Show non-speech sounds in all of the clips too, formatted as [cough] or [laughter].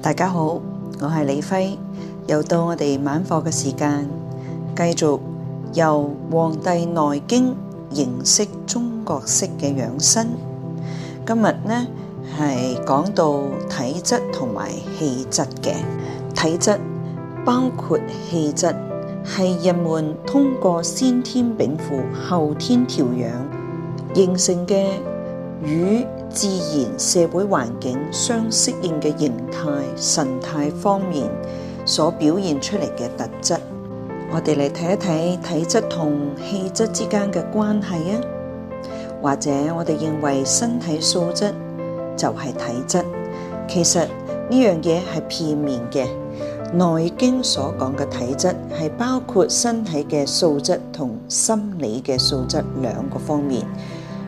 大家好，我係李輝，又到我哋晚課嘅時間，繼續由《黃帝內經》認識中國式嘅養生。今日呢係講到體質同埋氣質嘅。體質包括氣質，係人們通過先天稟賦、後天調養形成嘅。與自然社會環境相適應嘅形態、神態方面所表現出嚟嘅特質，我哋嚟睇一睇體質同氣質之間嘅關係啊。或者我哋認為身體素質就係體質，其實呢樣嘢係片面嘅。《內經》所講嘅體質係包括身體嘅素質同心理嘅素質兩個方面。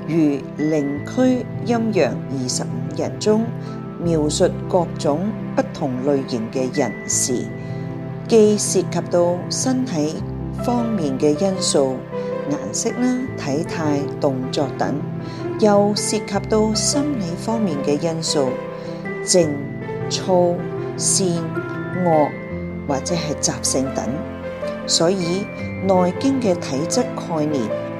如《靈樞陰陽》二十五人中，描述各種不同類型嘅人士，既涉及到身體方面嘅因素，顏色啦、體態、動作等，又涉及到心理方面嘅因素，靜躁善、惡或者係習性等，所以《內經》嘅體質概念。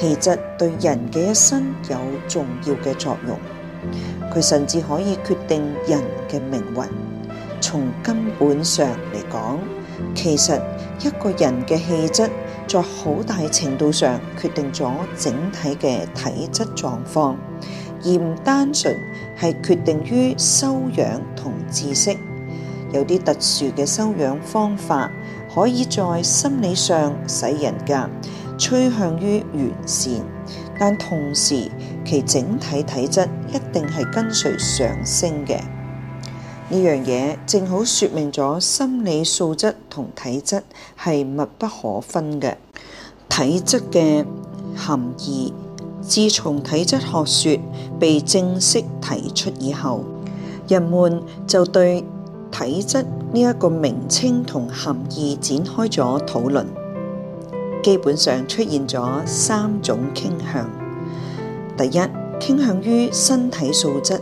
氣質對人嘅一生有重要嘅作用，佢甚至可以決定人嘅命運。從根本上嚟講，其實一個人嘅氣質，在好大程度上決定咗整體嘅體質狀況，而唔單純係決定於修養同知識。有啲特殊嘅修養方法，可以在心理上使人格。趨向於完善，但同時其整體體質一定係跟隨上升嘅。呢樣嘢正好說明咗心理素質同體質係密不可分嘅。體質嘅含義，自從體質學說被正式提出以後，人們就對體質呢一個名稱同含義展開咗討論。基本上出現咗三種傾向：第一，傾向於身體素質；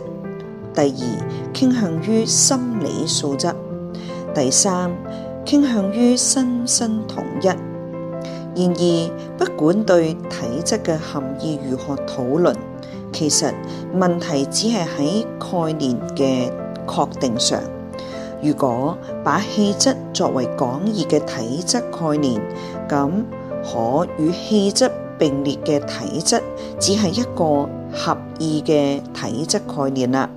第二，傾向於心理素質；第三，傾向於身心統一。然而，不管對體質嘅含義如何討論，其實問題只係喺概念嘅確定上。如果把氣質作為廣義嘅體質概念，咁可與氣質並列嘅體質，只係一個合意嘅體質概念啦。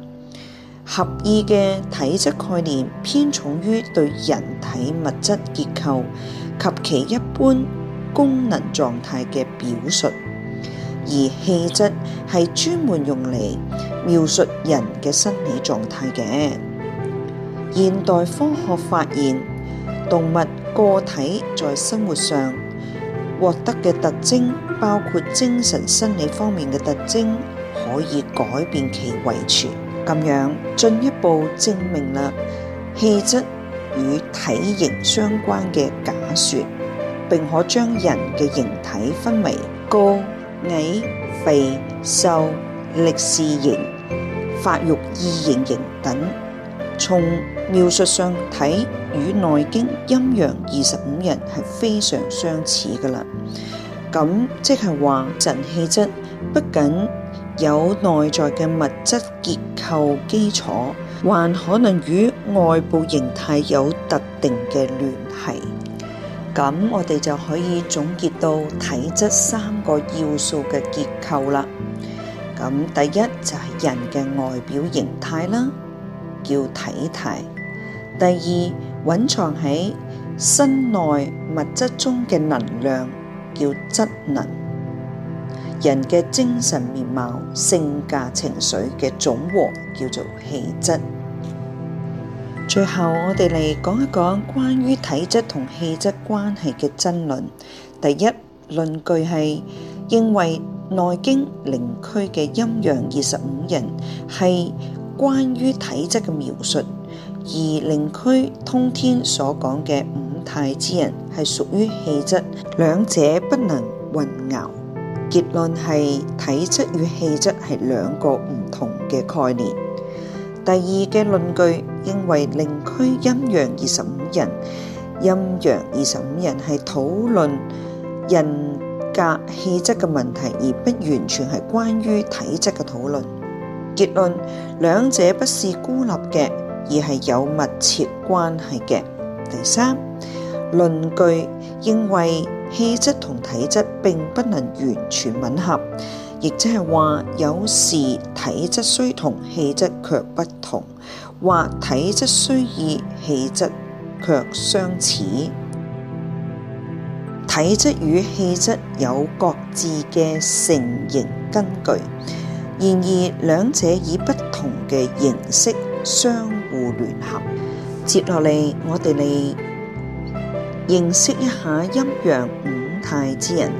合意嘅體質概念偏重於對人體物質結構及其一般功能狀態嘅表述，而氣質係專門用嚟描述人嘅生理狀態嘅。現代科學發現，動物個體在生活上獲得嘅特徵包括精神、心理方面嘅特徵，可以改變其遺傳，咁樣進一步證明了氣質與體型相關嘅假說，並可將人嘅形體分為高、矮、肥、瘦、力士型、發育異形型等。從描述上睇，與《內經》陰陽二十五人係非常相似噶啦。咁即係話，神氣質不僅有內在嘅物質結構基礎，還可能與外部形態有特定嘅聯繫。咁我哋就可以總結到體質三個要素嘅結構啦。咁第一就係、是、人嘅外表形態啦。叫體態，第二蘊藏喺身內物質中嘅能量叫質能，人嘅精神面貌、性格、情緒嘅總和叫做氣質。 [music] 最後我哋嚟講一講關於體質同氣質關係嘅爭論。第一論據係認為《內經》靈樞嘅陰陽二十五人係。關於體質嘅描述，而靈樞通天所講嘅五態之人係屬於氣質，兩者不能混淆。結論係體質與氣質係兩個唔同嘅概念。第二嘅論據認為靈樞陰陽二十五人，陰陽二十五人係討論人格氣質嘅問題，而不完全係關於體質嘅討論。結論，兩者不是孤立嘅，而係有密切關係嘅。第三，論據認為氣質同體質並不能完全吻合，亦即係話有時體質雖同氣質卻不同，或體質雖異氣質卻相似。體質與氣質有各自嘅成形根據。然而，兩者以不同嘅形式相互聯合。接落嚟，我哋嚟認識一下陰陽五態之人。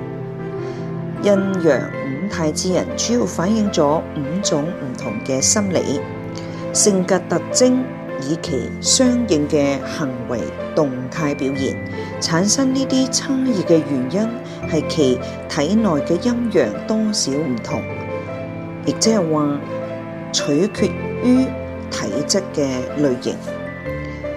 陰陽五態之人主要反映咗五種唔同嘅心理性格特徵，以其相應嘅行為動態表現。產生呢啲差異嘅原因，係其體內嘅陰陽多少唔同。亦即係話，取決於體質嘅類型。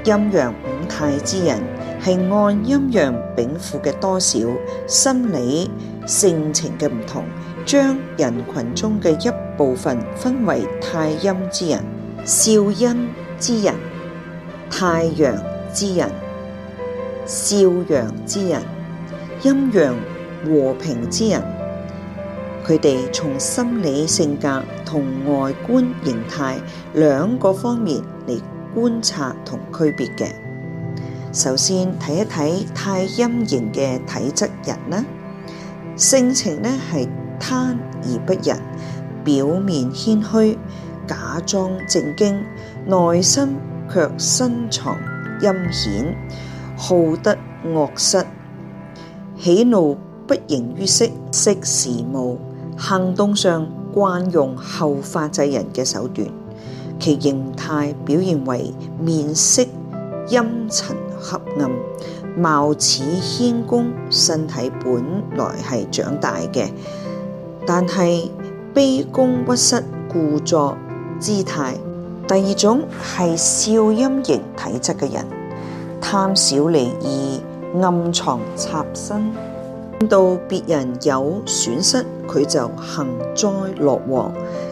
陰陽五態之人，係按陰陽稟賦嘅多少、心理性情嘅唔同，將人群中嘅一部分分為太陰之人、少陰之人、太陽之人、少陽之人、陰陽和平之人。佢哋從心理性格同外觀形態兩個方面嚟觀察同區別嘅。首先睇一睇太陰型嘅體質人啦，性情呢係貪而不仁，表面謙虛，假裝正經，內心卻深藏陰險，好得惡失，喜怒不形於色，識時務。行動上慣用後發制人嘅手段，其形態表現為面色陰沉、黑暗，貌似謙恭，身體本來係長大嘅，但係卑躬屈膝、故作姿態。第二種係少陰型體質嘅人，貪小利而暗藏插身。見到別人有損失，佢就幸災樂禍；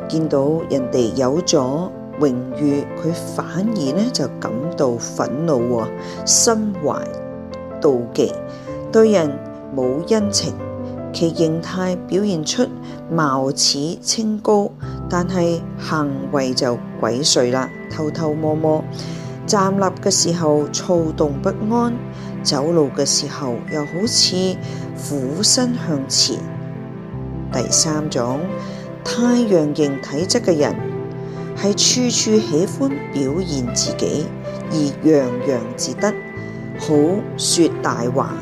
見到人哋有咗榮譽，佢反而呢就感到憤怒喎，心懷妒忌，對人冇恩情。其形態表現出貌似清高，但係行為就鬼祟啦，偷偷摸摸。站立嘅時候躁動不安，走路嘅時候又好似。俯身向前。第三種太陽型體質嘅人，係處處喜歡表現自己，而洋洋自得，好說大話，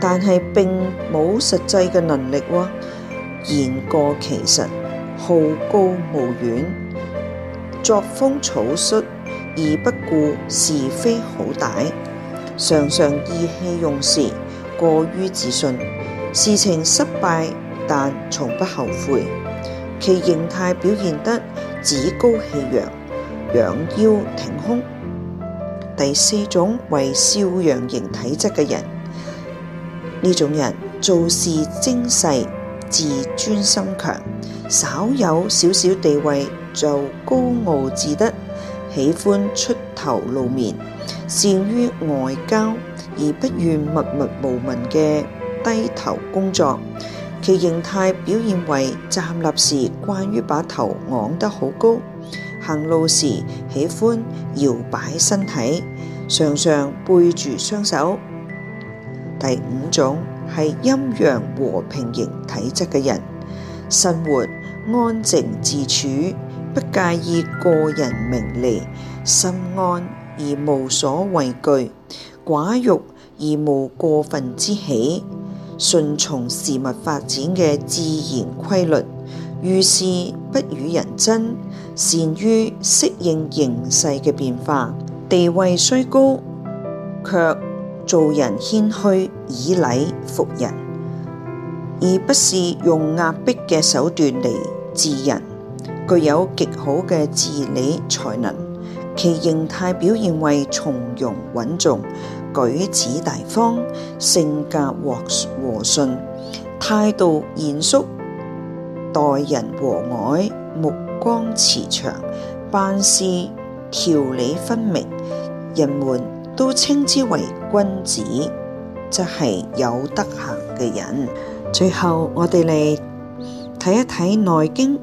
但係並冇實際嘅能力喎，言過其實，好高騖遠，作風草率，而不顧是非好歹，常常意氣用事。過於自信，事情失敗但從不後悔，其形態表現得趾高氣揚，仰腰挺胸。第四種為少陽型體質嘅人，呢種人做事精細，自尊心強，稍有少少地位就高傲自得，喜歡出頭露面，善於外交。而不願默默無聞嘅低頭工作，其形態表現為站立時慣於把頭昂得好高，行路時喜歡搖擺身體，常常背住雙手。第五種係陰陽和平型體質嘅人，生活安靜自處，不介意個人名利，心安而無所畏懼。寡欲而無過分之喜，順從事物發展嘅自然規律，遇事不與人爭，善於適應形勢嘅變化。地位雖高，卻做人謙虛，以禮服人，而不是用壓迫嘅手段嚟治人。具有極好嘅治理才能，其形態表現為從容穩重。舉止大方，性格和和順，態度嚴肅，待人和藹，目光慈祥，辦事條理分明，人們都稱之為君子，即係有德行嘅人。最後，我哋嚟睇一睇《內經》。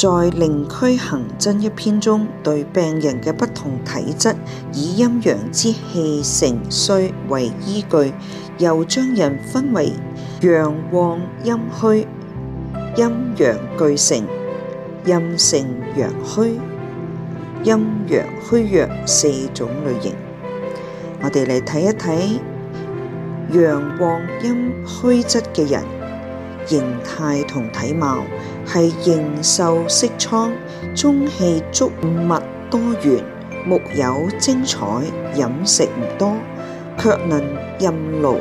在《靈區行針》一篇中，對病人嘅不同體質，以陰陽之氣盛衰為依據，又將人分為陽旺陰虛、陰陽俱盛、陰盛陽虛、陰陽虛弱四種類型。我哋嚟睇一睇陽旺陰虛質嘅人，形態同體貌。係形瘦色蒼，中氣足，物多元，木有精彩，飲食唔多，却能任勞。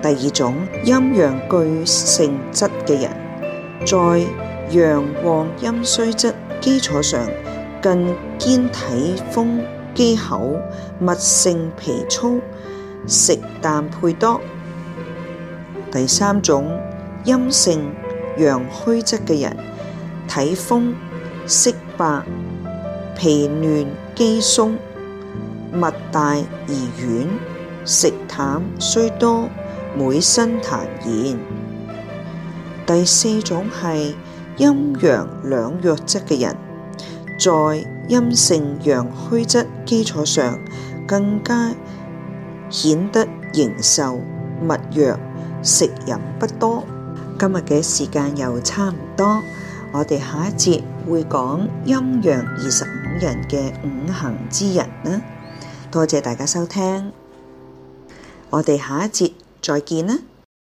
第二種陰陽俱盛質嘅人，在陽旺陰衰質基礎上，更兼體豐肌厚，物性皮粗，食淡配多。第三種陰性。陽虛質嘅人，體豐色白，皮嫩肌鬆，脈大而軟，食淡雖多，每身痰涎。第四種係陰陽兩弱質嘅人，在陰性陽虛質基礎上，更加顯得形瘦脈弱，食飲不多。今日嘅時間又差唔多，我哋下一節會講陰陽二十五人嘅五行之人啦。多謝大家收聽，我哋下一節再見啦。